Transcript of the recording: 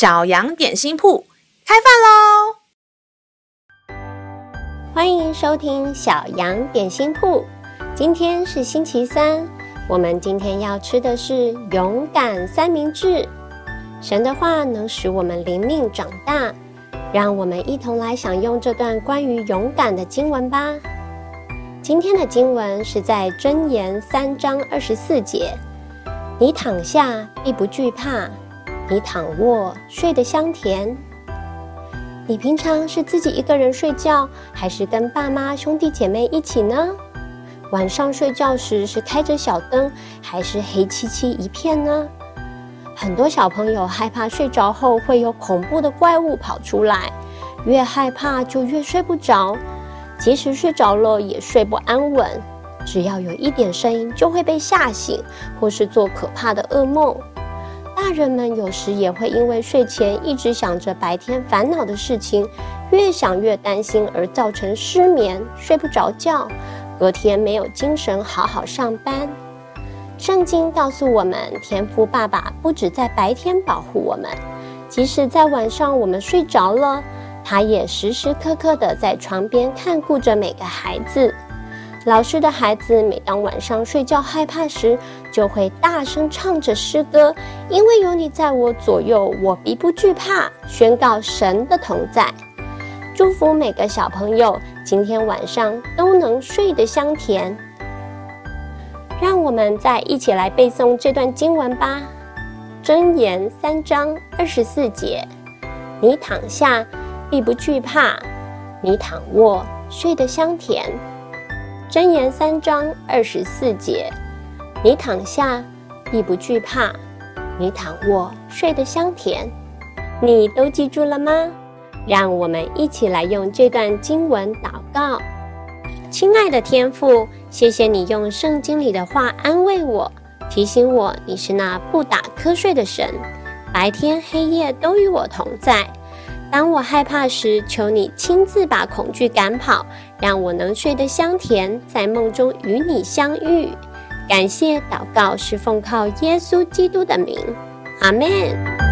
小羊點心鋪開飯嘍！歡迎收聽小羊點心鋪。今天是星期三，我們今天要吃的是勇敢三明治。神的話能使我們靈命長大，讓我們一同來享用這段關於勇敢的經文吧。今天的經文是在箴言三章二十四節：“你躺下必不懼怕。”你躺臥睡得香甜。你平常是自己一個人睡覺，還是跟爸媽、兄弟姐妹一起呢？晚上睡覺時是開着小燈，還是黑漆漆一片呢？很多小朋友害怕睡着後會有恐怖的怪物跑出來，越害怕就越睡不着，即使睡着了也睡不安穩，只要有一點聲音就會被嚇醒，或是做可怕的噩夢。大人們有時也會因為睡前一直想着白天煩惱的事情，越想越擔心而造成失眠，睡不着覺，隔天沒有精神好好上班。聖經告訴我們，天父爸爸不只在白天保護我們，即使在晚上我們睡着了，他也時時刻刻的在床邊看顧着每個孩子。老師的孩子每當晚上睡覺害怕時，就會大聲唱着詩歌，因為有你在我左右，我必不懼怕，宣告神的同在，祝福每個小朋友今天晚上都能睡得香甜。讓我們再一起來背誦這段經文吧，《箴言》三章二十四節：你躺下，必不懼怕；你躺臥，睡得香甜。《箴言》三章二十四節。你躺下必不懼怕，你躺臥睡得香甜，你都記住了嗎？讓我們一起來用這段經文禱告。親愛的天父，謝謝你用聖經裡的話安慰我，提醒我你是那不打瞌睡的神，白天黑夜都與我同在。當我害怕時，求你親自把恐懼趕跑，讓我能睡得香甜，在夢中與你相遇。感謝禱告是奉靠耶穌基督的名，阿門。